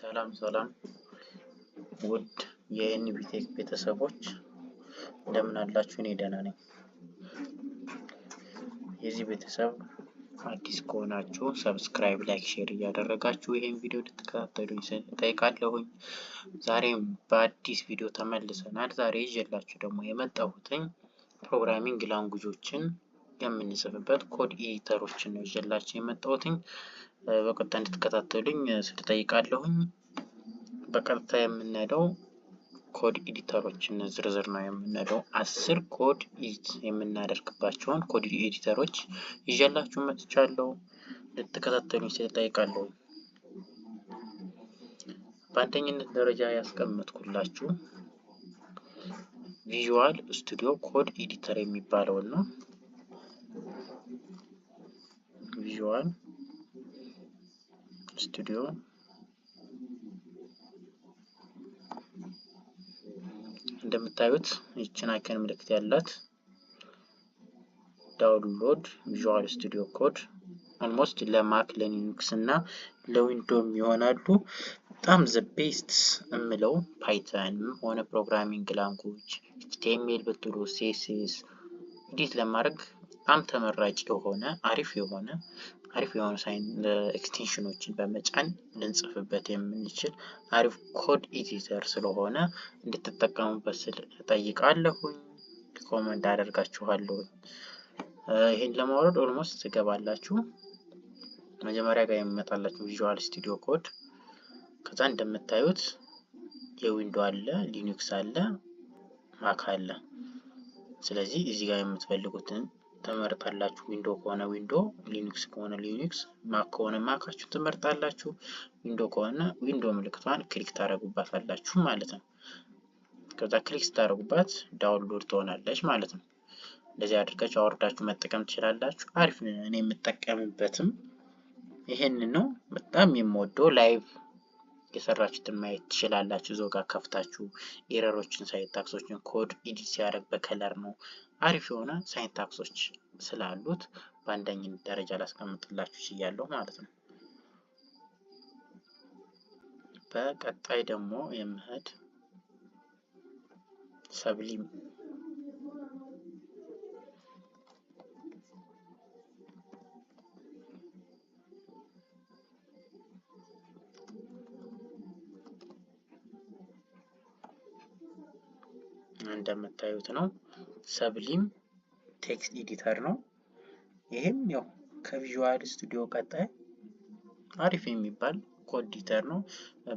ሰላም ሰላም ውድ የኤንቢቴክ ቤተሰቦች እንደምን አላችሁ? እኔ ደህና ነኝ። የዚህ ቤተሰብ አዲስ ከሆናችሁ ሰብስክራይብ፣ ላይክ፣ ሼር እያደረጋችሁ ይህን ቪዲዮ እንድትከታተሉኝ እጠይቃለሁኝ። ዛሬም በአዲስ ቪዲዮ ተመልሰናል። ዛሬ ይዤላችሁ ደግሞ የመጣሁትኝ ፕሮግራሚንግ ላንጉጆችን የምንጽፍበት ኮድ ኤዲተሮችን ነው ይዤላችሁ የመጣሁትኝ። በቀጥታ እንድትከታተሉኝ ስል እጠይቃለሁኝ። በቀጥታ የምንሄደው ኮድ ኤዲተሮችን ዝርዝር ነው የምንሄደው። አስር ኮድ የምናደርግባቸውን ኮድ ኤዲተሮች ይዤላችሁ መጥቻለሁ። ልትከታተሉኝ ስል እጠይቃለሁ። በአንደኝነት ደረጃ ያስቀመጥኩላችሁ ቪዥዋል ስቱዲዮ ኮድ ኤዲተር የሚባለውን ነው። ቪዥዋል ስቱዲዮ እንደምታዩት ይችን አይከን ምልክት ያላት ዳውንሎድ ቪዥዋል ስቱዲዮ ኮድ ኦልሞስት ለማክ ለሊኑክስ እና ለዊንዶም ይሆናሉ። በጣም ዘ ቤስት የምለው ፓይተን ሆነ ፕሮግራሚንግ ላንጉጅ ኤችቲኤምኤል ብትሉ ሲኤስኤስ ኤዲት ለማድረግ በጣም ተመራጭ የሆነ አሪፍ የሆነ አሪፍ የሆኑ ሳይን ኤክስቴንሽኖችን በመጫን ልንጽፍበት የምንችል አሪፍ ኮድ ኢዲተር ስለሆነ እንድትጠቀሙበት ስል ጠይቃለሁኝ ኮመንት አደርጋችኋለሁ። ይህን ለማውረድ ኦልሞስት ትገባላችሁ። መጀመሪያ ጋር የሚመጣላችሁ ቪዥዋል ስቱዲዮ ኮድ፣ ከዛ እንደምታዩት የዊንዶ አለ፣ ሊኑክስ አለ፣ ማክ አለ። ስለዚህ እዚህ ጋር የምትፈልጉትን ትመርጣላችሁ። ዊንዶ ከሆነ ዊንዶ፣ ሊኒክስ ከሆነ ሊኒክስ፣ ማክ ከሆነ ማካችሁን ትመርጣላችሁ። ዊንዶ ከሆነ ዊንዶ ምልክቷን ክሊክ ታደረጉባት አላችሁ ማለት ነው። ከዛ ክሊክ ስታደረጉባት ዳውንሎድ ትሆናለች ማለት ነው። እንደዚህ አድርጋችሁ አወርዳችሁ መጠቀም ትችላላችሁ። አሪፍ ነው። እኔ የምጠቀምበትም ይሄንን ነው። በጣም የምወደው ላይቭ የሰራችሁትን ማየት ትችላላችሁ። እዛው ጋር ከፍታችሁ ኤረሮችን ሳይት ታክሶችን ኮድ ኢዲት ሲያደርግ በከለር ነው አሪፍ የሆነ ሳይንታክሶች ስላሉት በአንደኝ ደረጃ ላስቀምጥላችሁ ችያለሁ ማለት ነው። በቀጣይ ደግሞ የምሄድ ሰብሊም እንደምታዩት ነው። ሰብሊም ቴክስት ኤዲተር ነው። ይህም ያው ከቪዥዋል ስቱዲዮ ቀጣይ አሪፍ የሚባል ኮድ ኤዲተር ነው።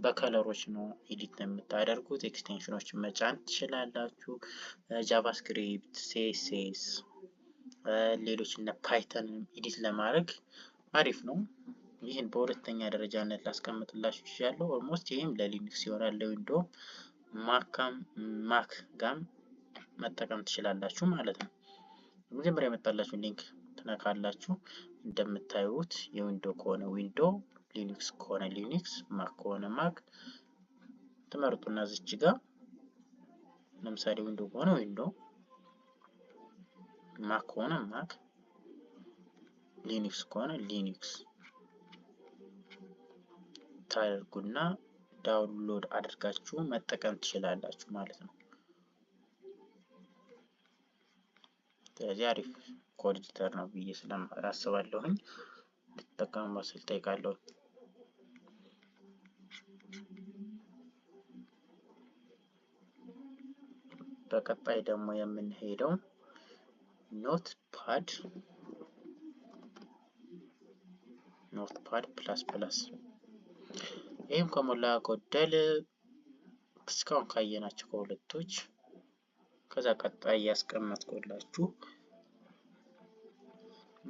በከለሮች ነው ኤዲት ነው የምታደርጉት። ኤክስቴንሽኖች መጫን ትችላላችሁ። ጃቫስክሪፕት፣ ሴሴስ ሌሎች እነ ፓይተን ኤዲት ለማድረግ አሪፍ ነው። ይህን በሁለተኛ ደረጃነት ላስቀምጥላችሁ ይችላለሁ። ኦልሞስት ይህም ለሊኒክስ ይሆናል ለዊንዶ ማካም ማክ ጋም መጠቀም ትችላላችሁ ማለት ነው። መጀመሪያ የመጣላችሁ ሊንክ ትነካላችሁ። እንደምታዩት የዊንዶ ከሆነ ዊንዶ፣ ሊኒክስ ከሆነ ሊኒክስ፣ ማክ ከሆነ ማክ ትመርጡና ዝች ጋር ለምሳሌ ዊንዶ ከሆነ ዊንዶ፣ ማክ ከሆነ ማክ፣ ሊኒክስ ከሆነ ሊኒክስ ታደርጉና ዳውንሎድ አድርጋችሁ መጠቀም ትችላላችሁ ማለት ነው። ስለዚህ አሪፍ ኮድ ነው ብዬ ስለማስባለሁኝ ልትጠቀሙበት ስል ጠይቃለሁ። በቀጣይ ደግሞ የምንሄደው ኖት ፓድ ኖት ፓድ ፕላስ ፕላስ ይህም ከሞላ ጎደል እስካሁን ካየናቸው ከሁለቶች ከዛ ቀጣይ እያስቀመጥኩላችሁ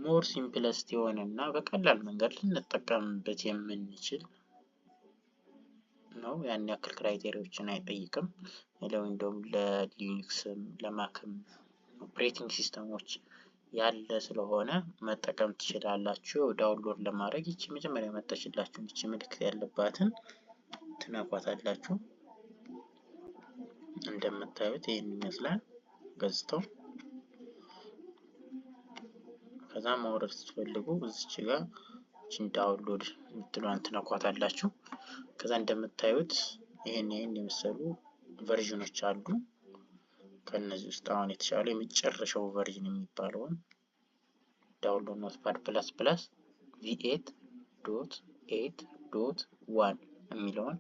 ሞር ሲምፕለስት የሆነ እና በቀላል መንገድ ልንጠቀምበት የምንችል ነው። ያን ያክል ክራይቴሪያዎችን አይጠይቅም። እንደውም ለሊኑክስም ለማክም ኦፕሬቲንግ ሲስተሞች ያለ ስለሆነ መጠቀም ትችላላችሁ። ዳውንሎድ ለማድረግ ይቺ መጀመሪያ መጣችላችሁ ይቺ ምልክት ያለባትን ትነኳታላችሁ። እንደምታዩት ይህን ይመስላል ገጽታው። ከዛ ማውረድ ስትፈልጉ እዚች ጋ ችን ዳውንሎድ የምትለዋን ትነኳታላችሁ። ከዛ እንደምታዩት ይህን ይህን የመሰሉ ቨርዥኖች አሉ። ከእነዚህ ውስጥ አሁን የተሻለ የመጨረሻው ቨርዥን የሚባለውን ዳውንሎድ ኖትፓድ ፕላስ ፕላስ ቪኤት ዶት ኤት ዶት ዋን የሚለውን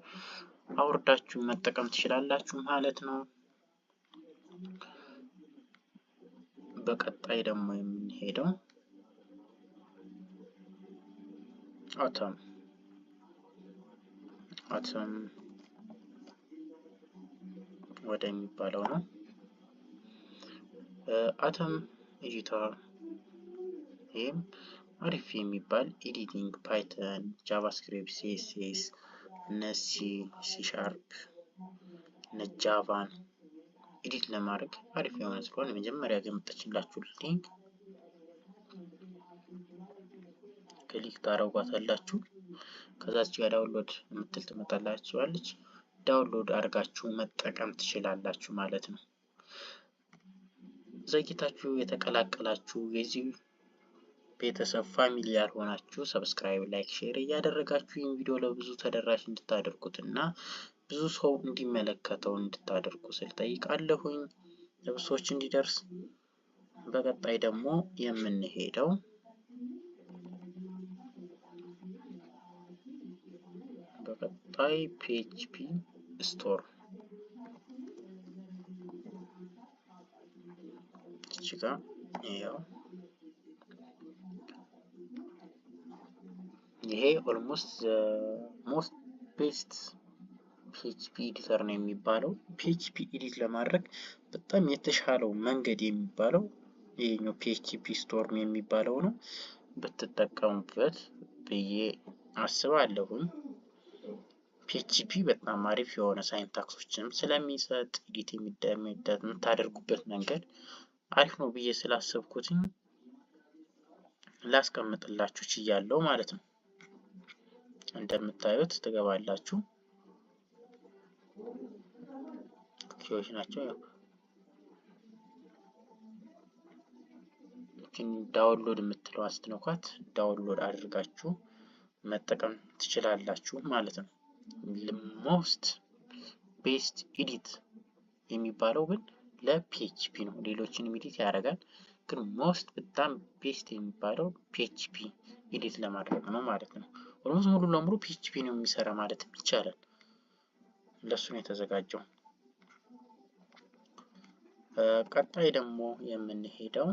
አውርዳችሁ መጠቀም ትችላላችሁ ማለት ነው። በቀጣይ ደግሞ የምንሄደው አተም አተም ወደ የሚባለው ነው። አተም እይታ ይህም አሪፍ የሚባል ኤዲቲንግ ፓይተን፣ ጃቫስክሪፕት፣ ሲኤስኤስ እነ ሲ፣ ሲ ሻርፕ፣ እነ ጃቫን ኤዲት ለማድረግ አሪፍ የሆነ ስለሆነ መጀመሪያ ግን መጣችላችሁ ሊንክ ክሊክ ታደርጓታላችሁ። ከዛች ጋር ዳውንሎድ የምትል ትመጣላችኋለች። ዳውንሎድ አድርጋችሁ መጠቀም ትችላላችሁ ማለት ነው። ዘግይታችሁ የተቀላቀላችሁ የዚህ ቤተሰብ ፋሚሊ ያልሆናችሁ ሰብስክራይብ፣ ላይክ፣ ሼር እያደረጋችሁ ይህን ቪዲዮ ለብዙ ተደራሽ እንድታደርጉት እና ብዙ ሰው እንዲመለከተው እንድታደርጉ ስል ጠይቃለሁኝ። እንዲደርስ በቀጣይ ደግሞ የምንሄደው በቀጣይ ፒኤችፒ ስቶር እዚህ ጋር ያው ይሄ ኦልሞስት ሞስት ቤስት ፒኤችፒ ኤዲተር ነው የሚባለው። ፒኤችፒ ኤዲት ለማድረግ በጣም የተሻለው መንገድ የሚባለው ይሄኛው ፒኤችፒ ስቶርም የሚባለው ነው። ብትጠቀሙበት ብዬ አስባለሁኝ። ፒኤችፒ በጣም አሪፍ የሆነ ሳይንታክሶችንም ስለሚሰጥ ኤዲት የምታደርጉበት መንገድ አሪፍ ነው ብዬ ስላሰብኩትኝ ላስቀምጥላችሁ ችያለሁ ማለት ነው። እንደምታዩት ትገባላችሁ። ኪዎች ናቸው። ዳውንሎድ የምትለው አስትነኳት ዳውንሎድ አድርጋችሁ መጠቀም ትችላላችሁ ማለት ነው። ሞስት ቤስት ኢዲት የሚባለው ግን ለፒኤችፒ ነው። ሌሎችንም ኢዲት ያደርጋል፣ ግን ሞስት በጣም ቤስት የሚባለው ፒኤችፒ ኢዲት ለማድረግ ነው ማለት ነው። ኦልሞስት ሙሉ ለሙሉ ፒኤችፒ ነው የሚሰራ ማለትም ይቻላል። ለሱ ነው የተዘጋጀው። ቀጣይ ደግሞ የምንሄደው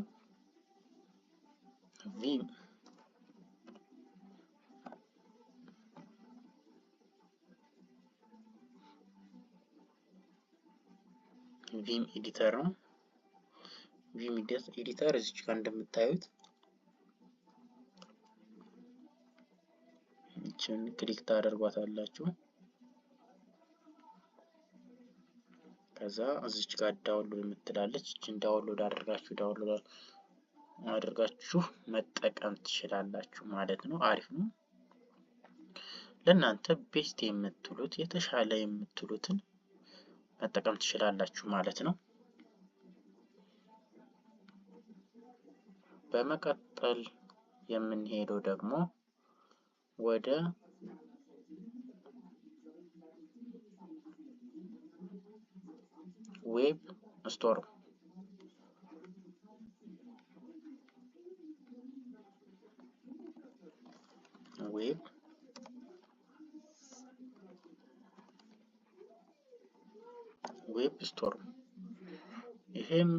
ቪም ቪም ኤዲተር ነው። ቪም ኤዲተር እዚች ጋር እንደምታዩት ይችን ክሊክ ታደርጓታላችሁ። ከዛ እዚች ጋር ዳውንሎድ የምትላለች እችን ዳውንሎድ አድርጋችሁ ዳውንሎድ አድርጋችሁ መጠቀም ትችላላችሁ ማለት ነው። አሪፍ ነው። ለእናንተ ቤስት የምትሉት የተሻለ የምትሉትን መጠቀም ትችላላችሁ ማለት ነው። በመቀጠል የምንሄደው ደግሞ würde wave storm wave wave storm ይህም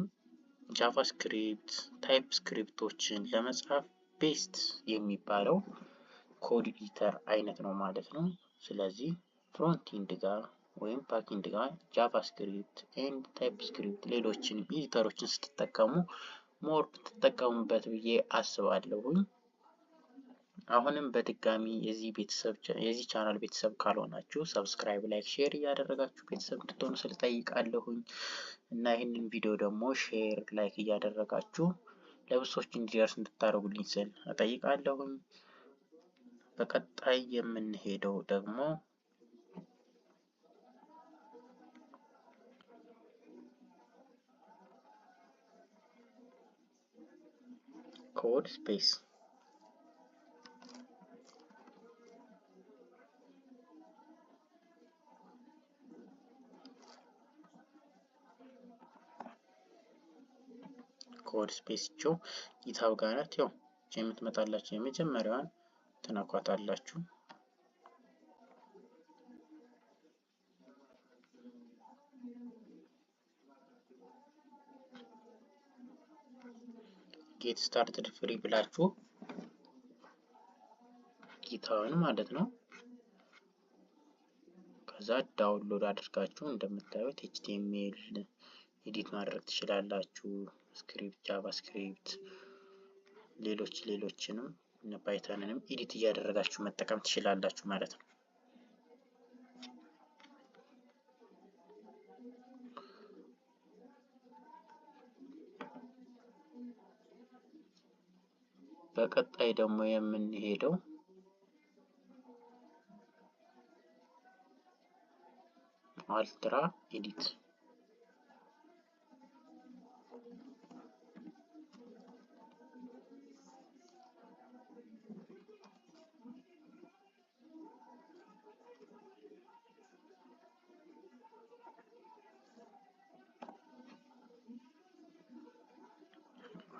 ጃቫስክሪፕት ታይፕስክሪፕቶችን ለመጻፍ ቤስት የሚባለው ኮድ ኢዲተር አይነት ነው ማለት ነው። ስለዚህ ፍሮንቲንድ ጋር ወይም ፓኪንድ ጋር ጃቫስክሪፕት ኤንድ ታይፕ ስክሪፕት ሌሎችን ኢዲተሮችን ስትጠቀሙ ሞር ብትጠቀሙበት ብዬ አስባለሁኝ። አሁንም በድጋሚ የዚህ ቤተሰብ የዚህ ቻናል ቤተሰብ ካልሆናችሁ ሰብስክራይብ፣ ላይክ፣ ሼር እያደረጋችሁ ቤተሰብ እንድትሆኑ ስል ጠይቃለሁኝ እና ይህንን ቪዲዮ ደግሞ ሼር፣ ላይክ እያደረጋችሁ ለብሶች እንዲደርስ እንድታደርጉልኝ ስል እጠይቃለሁኝ። በቀጣይ የምንሄደው ደግሞ ኮድ ስፔስ ኮድ ስፔስ ቾ ጊትሀብ ጋር ናት። ያው የምትመጣላቸው የመጀመሪያዋን ትነኳታላችሁ። ጌት ስታርትድ ፍሪ ብላችሁ ጌታውን ማለት ነው። ከዛ ዳውንሎድ አድርጋችሁ እንደምታዩት ኤችቲኤምኤል ኤዲት ማድረግ ትችላላችሁ። ስክሪፕት፣ ጃቫስክሪፕት፣ ሌሎች ሌሎችንም ፓይተንንም ኤዲት እያደረጋችሁ መጠቀም ትችላላችሁ ማለት ነው። በቀጣይ ደግሞ የምንሄደው አልትራ ኤዲት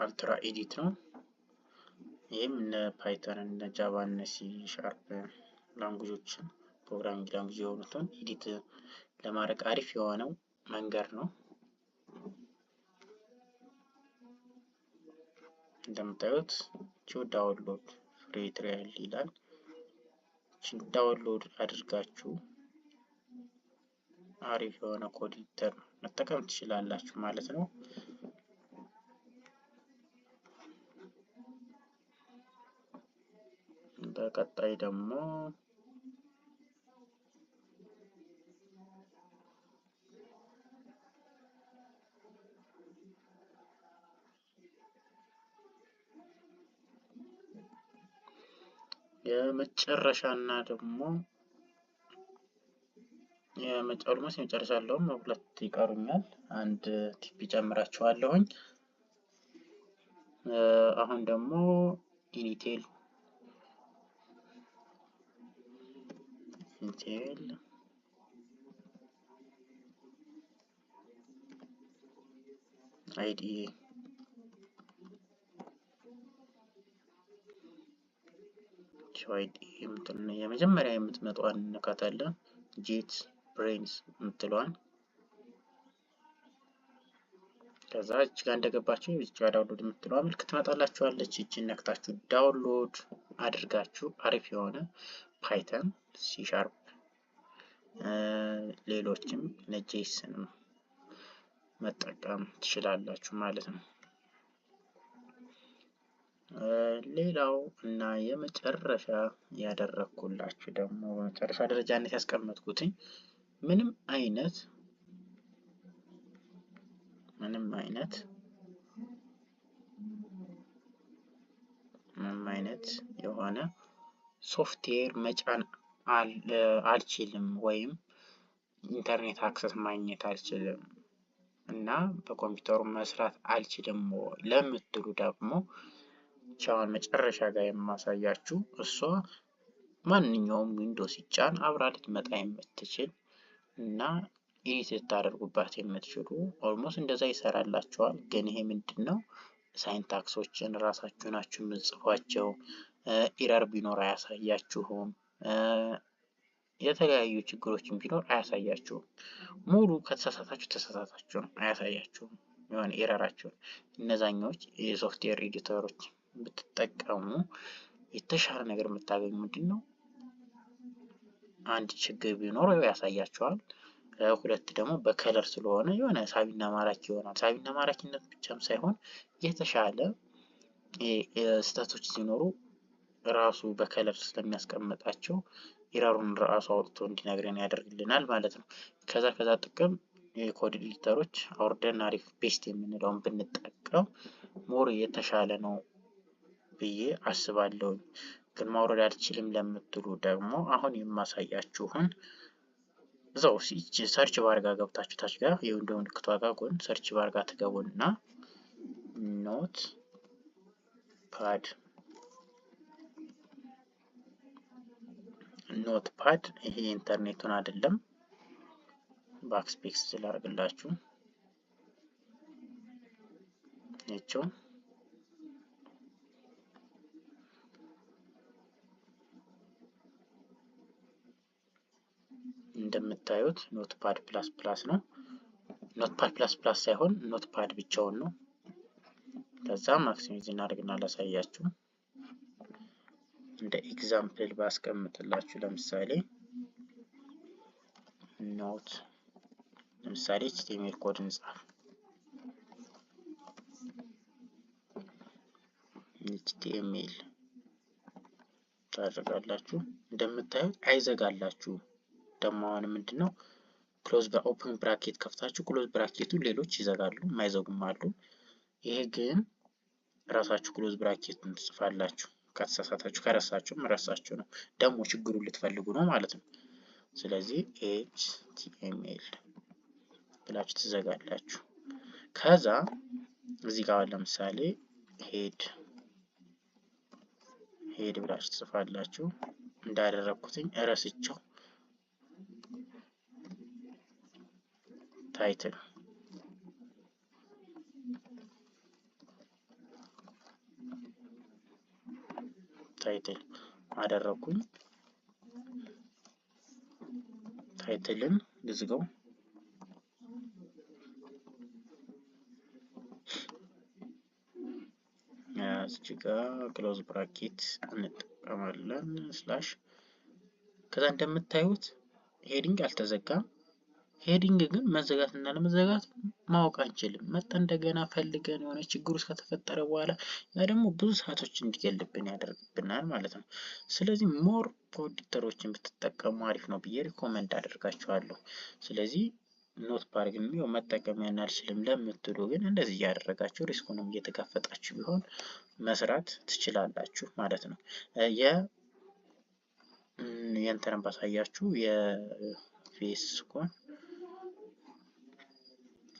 አልትራ ኤዲት ነው። ይህም እነ ፓይተን እነ ጃቫ እነ ሲ ሻርፕ ላንጉጆችን ፕሮግራሚንግ ላንጉጅ የሆኑትን ኤዲት ለማድረግ አሪፍ የሆነው መንገድ ነው። እንደምታዩት ቺው ዳውንሎድ ፍሪ ትሪያል ይላል። ቺን ዳውንሎድ አድርጋችሁ አሪፍ የሆነ ኮድ ኤዲተር መጠቀም ትችላላችሁ ማለት ነው። ቀጣይ ደግሞ የመጨረሻና ደግሞ የመጨረሻ የመጨረሻለውም ሁለት ይቀሩኛል። አንድ ቲፒ ጨምራችኋለሁኝ። አሁን ደግሞ ኢኒቴል Modell IDE ቻይድ የምትል የመጀመሪያ የምትመጣዋን እንካታለን። ጄት ብሬንስ የምትለዋን ከዛ እች ጋር እንደገባችሁ እች ጋር ዳውንሎድ የምትለዋ ምልክት ትመጣላችኋለች። እችን ነክታችሁ ዳውንሎድ አድርጋችሁ አሪፍ የሆነ ፓይተን፣ ሲሻርፕ ሌሎችም ነጄስን መጠቀም ትችላላችሁ ማለት ነው። ሌላው እና የመጨረሻ ያደረግኩላችሁ ደግሞ በመጨረሻ ደረጃነት ያስቀመጥኩትኝ ምንም አይነት ምንም አይነት ምንም አይነት የሆነ ሶፍትዌር መጫን አልችልም ወይም ኢንተርኔት አክሰስ ማግኘት አልችልም እና በኮምፒውተሩ መስራት አልችልም ለምትሉ ደግሞ ብቻዋን መጨረሻ ጋር የማሳያችሁ እሷ ማንኛውም ዊንዶስ ሲጫን አብራ ልትመጣ የምትችል እና ይህ ልታደርጉባት የምትችሉ ኦልሞስት እንደዛ ይሰራላቸዋል። ግን ይሄ ምንድን ነው ሳይንታክሶችን ራሳችሁ ናችሁ የምጽፏቸው። ኢረር ቢኖር አያሳያችሁም። የተለያዩ ችግሮችን ቢኖር አያሳያችሁም። ሙሉ ከተሳሳታችሁ ተሳሳታችሁ ነው አያሳያችሁም። የሆነ ኤረራችሁን እነዛኛዎች የሶፍትዌር ኤዲተሮች ብትጠቀሙ የተሻለ ነገር የምታገኙ ምንድን ነው አንድ ችግር ቢኖር ያሳያችኋል። ሁለት ደግሞ በከለር ስለሆነ የሆነ ሳቢና ማራኪ ይሆናል። ሳቢና ማራኪነት ብቻም ሳይሆን የተሻለ ስህተቶች ሲኖሩ ራሱ በከለር ስለሚያስቀምጣቸው ኢረሩን ራሱ አውጥቶ እንዲነግረን ያደርግልናል ማለት ነው። ከዛ ከዛ ጥቅም የኮድ ኤዲተሮች አውርደን አሪፍ ቤስት የምንለውን ብንጠቀም ሞር የተሻለ ነው ብዬ አስባለሁ ግን ማውረድ አልችልም ለምትሉ ደግሞ አሁን የማሳያችሁን እዛው ሰርች ባር ጋር ገብታችሁ ታች ጋር ይኸው እንደ ምልክቷ ጋር ጎን ሰርች ባር ጋር ትገቡና ኖት ፓድ ኖት ፓድ ይሄ ኢንተርኔቱን አይደለም፣ ባክስፔስ ስላደርግላችሁ ይቸው እንደምታዩት ኖት ፓድ ፕላስ ፕላስ ነው። ኖት ፓድ ፕላስ ፕላስ ሳይሆን ኖት ፓድ ብቻውን ነው። ከዛ ማክሲሚዝ እናደርግና ላሳያችሁ። እንደ ኤግዛምፕል ባስቀምጥላችሁ ለምሳሌ ኖት ለምሳሌ ኤችቲኤምኤል ኮድ እንጻፍ። ኤችቲኤምኤል ታደርጋላችሁ እንደምታዩት አይዘጋላችሁም። ደግሞ አሁን ምንድን ነው ክሎዝ ኦፕን ብራኬት ከፍታችሁ ክሎዝ ብራኬቱ ሌሎች ይዘጋሉ፣ ማይዘጉም አሉ። ይሄ ግን ራሳችሁ ክሎዝ ብራኬቱን ትጽፋላችሁ። ከተሳሳታችሁ ከረሳችሁም ረሳችሁ ነው፣ ደግሞ ችግሩን ልትፈልጉ ነው ማለት ነው። ስለዚህ ኤች ቲ ኤም ኤል ብላችሁ ትዘጋላችሁ። ከዛ እዚህ ጋር ለምሳሌ ሄድ ሄድ ብላችሁ ትጽፋላችሁ። እንዳደረግኩትኝ እረስቸው title ታይትል አደረኩኝ። ታይትልን ልዝገው። እዚህ ጋ ክሎዝ ብራኬት እንጠቀማለን ስላሽ። ከዛ እንደምታዩት ሄዲንግ አልተዘጋም። ሄዲንግ ግን መዘጋት እና ለመዘጋት ማወቅ አንችልም። መጠ እንደገና ፈልገን የሆነ ችግሩ ከተፈጠረ በኋላ ያ ደግሞ ብዙ ሰዓቶች እንዲገልብን ያደርግብናል ማለት ነው። ስለዚህ ሞር ፕሮዲተሮችን ብትጠቀሙ አሪፍ ነው ብዬ ሪኮመንድ አደርጋችኋለሁ። ስለዚህ ኖት ፓርክ የሚው መጠቀም ያን አልችልም ለምትሉ ግን እንደዚህ እያደረጋችሁ ሪስኩንም እየተጋፈጣችሁ ቢሆን መስራት ትችላላችሁ ማለት ነው። የ ባሳያችሁ የፌስ ኮን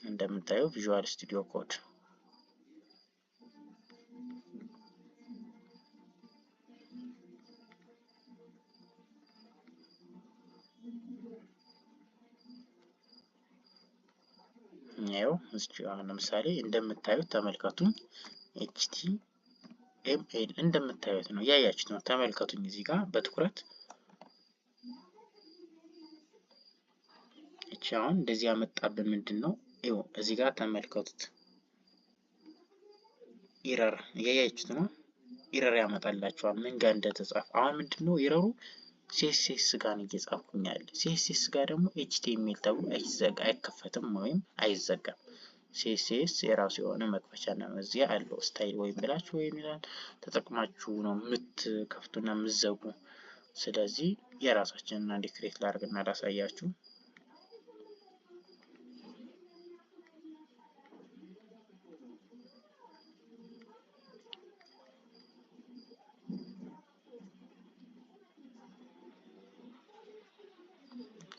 እንደምታየው ቪዥዋል ስቱዲዮ ኮድ ያው እስኪ አሁን ለምሳሌ እንደምታዩት ተመልከቱኝ ኤችቲ ኤምኤል እንደምታዩት ነው ያያችሁት ነው። ተመልከቱኝ እዚህ ጋር በትኩረት እቺ አሁን እንደዚህ ያመጣብን ምንድን ነው ይኸው እዚህ ጋር ተመልከቱት። ኢረር እያያችሁት ነው። ኢረር ያመጣላችኋል ምን ጋር እንደተጻፈ። አሁን ምንድን ነው ኢረሩ? ሴሴስ ጋር ነው እየጻፍኩኝ ያለ። ሴሴስ ጋር ደግሞ ኤችቲኤምኤል ተብሎ አይዘጋ አይከፈትም ወይም አይዘጋም። ሴሴስ የራሱ የሆነ መክፈቻና መዝጊያ አለው። ስታይል ወይም ብላችሁ ወይም ይላል ተጠቅማችሁ ነው የምትከፍቱና የምትዘጉ። ስለዚህ የራሳችንን አንድ ክሬት ላድርግና ላሳያችሁ።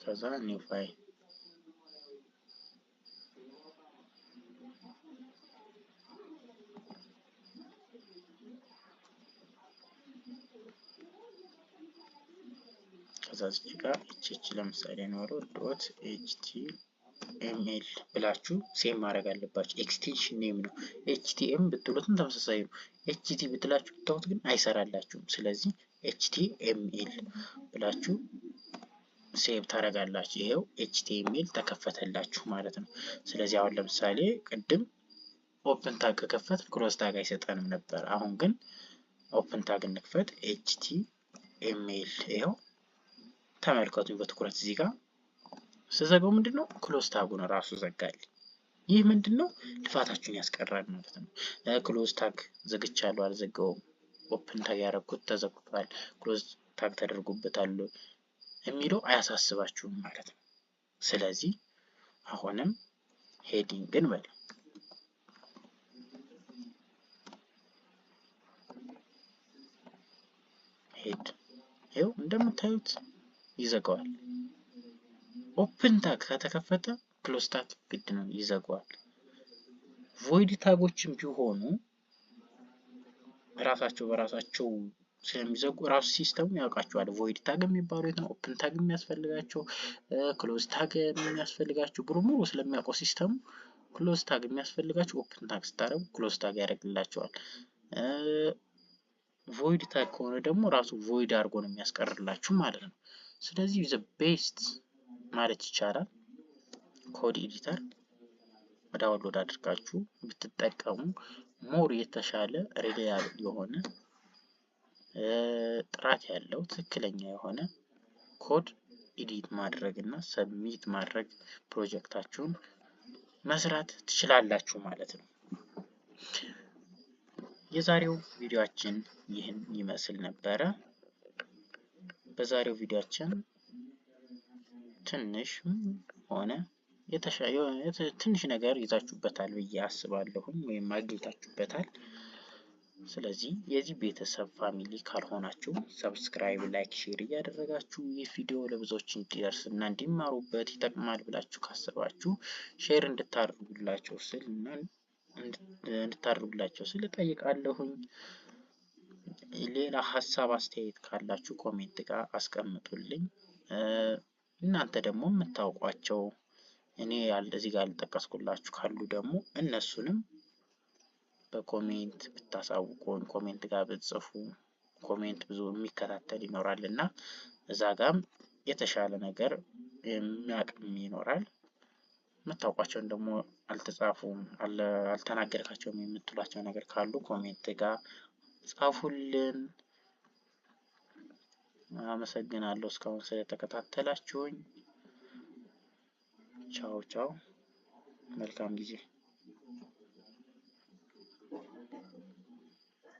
Sasa new file. ከዛ እዚህ ጋር ኤችኤች ለምሳሌ ኖሮ ዶት ኤችቲ ኤምኤል ብላችሁ ሴም ማድረግ አለባችሁ። ኤክስቴንሽን ኔም ነው። ኤችቲኤም ብትሉትም ተመሳሳይ ነው። ኤችቲ ብትላችሁ ብታዩት ግን አይሰራላችሁም። ስለዚህ ኤችቲ ኤምኤል ብላችሁ ሴቭ ታደርጋላችሁ። ይሄው ኤችቲኤምኤል ተከፈተላችሁ ማለት ነው። ስለዚህ አሁን ለምሳሌ ቅድም ኦፕን ታግ ከከፈት ክሎዝ ታግ አይሰጠንም ነበር። አሁን ግን ኦፕን ታግ እንክፈት። ኤችቲኤምኤል ይኸው ተመልከቱኝ በትኩረት እዚህ ጋር ስዘጋው ምንድን ነው ክሎዝ ታጉን ራሱ ዘጋል። ይህ ምንድን ነው ልፋታችሁን ያስቀራል ማለት ነው። ክሎዝ ታግ ዘግቻለሁ አልዘጋውም። ኦፕን ታግ ያደረኩት ተዘግቷል። ክሎዝ ታግ ተደርጎበታል። የሚለው አያሳስባችሁም ማለት ነው። ስለዚህ አሁንም ሄዲንግን በል ሄድ ይው እንደምታዩት ይዘጋዋል። ኦፕን ታግ ከተከፈተ ክሎዝ ታግ ግድ ነው ይዘጋዋል። ቮይድ ታጎችን ቢሆኑ ራሳቸው በራሳቸው ስለሚዘጉ ራሱ ሲስተሙ ያውቃቸዋል። ቮይድ ታግ የሚባሉት ነው፣ ኦፕን ታግ የሚያስፈልጋቸው፣ ክሎዝ ታግ የሚያስፈልጋቸው ብሎ ሙሉ ስለሚያውቀው ሲስተሙ ክሎዝ ታግ የሚያስፈልጋቸው ኦፕን ታግ ስታደረጉ ክሎዝ ታግ ያደርግላቸዋል። ቮይድ ታግ ከሆነ ደግሞ ራሱ ቮይድ አድርጎ ነው የሚያስቀርላችሁ ማለት ነው። ስለዚህ ዘ ቤስት ማለት ይቻላል ኮድ ኤዲተር ዳውንሎድ አድርጋችሁ ብትጠቀሙ ሞር የተሻለ ሪላያብል የሆነ ጥራት ያለው ትክክለኛ የሆነ ኮድ ኢዲት ማድረግ እና ሰብሚት ማድረግ ፕሮጀክታችሁን መስራት ትችላላችሁ ማለት ነው። የዛሬው ቪዲዮአችን ይህን ይመስል ነበረ። በዛሬው ቪዲዮአችን ትንሽ ሆነ ትንሽ ነገር ይዛችሁበታል ብዬ አስባለሁም ወይም አግኝታችሁበታል። ስለዚህ የዚህ ቤተሰብ ፋሚሊ ካልሆናችሁ ሰብስክራይብ፣ ላይክ፣ ሼር እያደረጋችሁ ይህ ቪዲዮ ለብዙዎች እንዲደርስ እና እንዲማሩበት ይጠቅማል ብላችሁ ካሰባችሁ ሼር እንድታደርጉላቸው ስል እና እንድታደርጉላቸው ስል እጠይቃለሁኝ። ሌላ ሀሳብ አስተያየት ካላችሁ ኮሜንት ጋር አስቀምጡልኝ። እናንተ ደግሞ የምታውቋቸው እኔ እዚህ ጋር ያልጠቀስኩላችሁ ካሉ ደግሞ እነሱንም በኮሜንት ብታሳውቁን ኮሜንት ጋር ብትጽፉ ኮሜንት ብዙ የሚከታተል ይኖራል እና እዛ ጋም የተሻለ ነገር የሚያቅም ይኖራል። የምታውቋቸውን ደግሞ አልተጻፉም አልተናገርካቸውም የምትሏቸው ነገር ካሉ ኮሜንት ጋር ጻፉልን። አመሰግናለሁ እስካሁን ስለተከታተላችሁኝ። ቻው ቻው። መልካም ጊዜ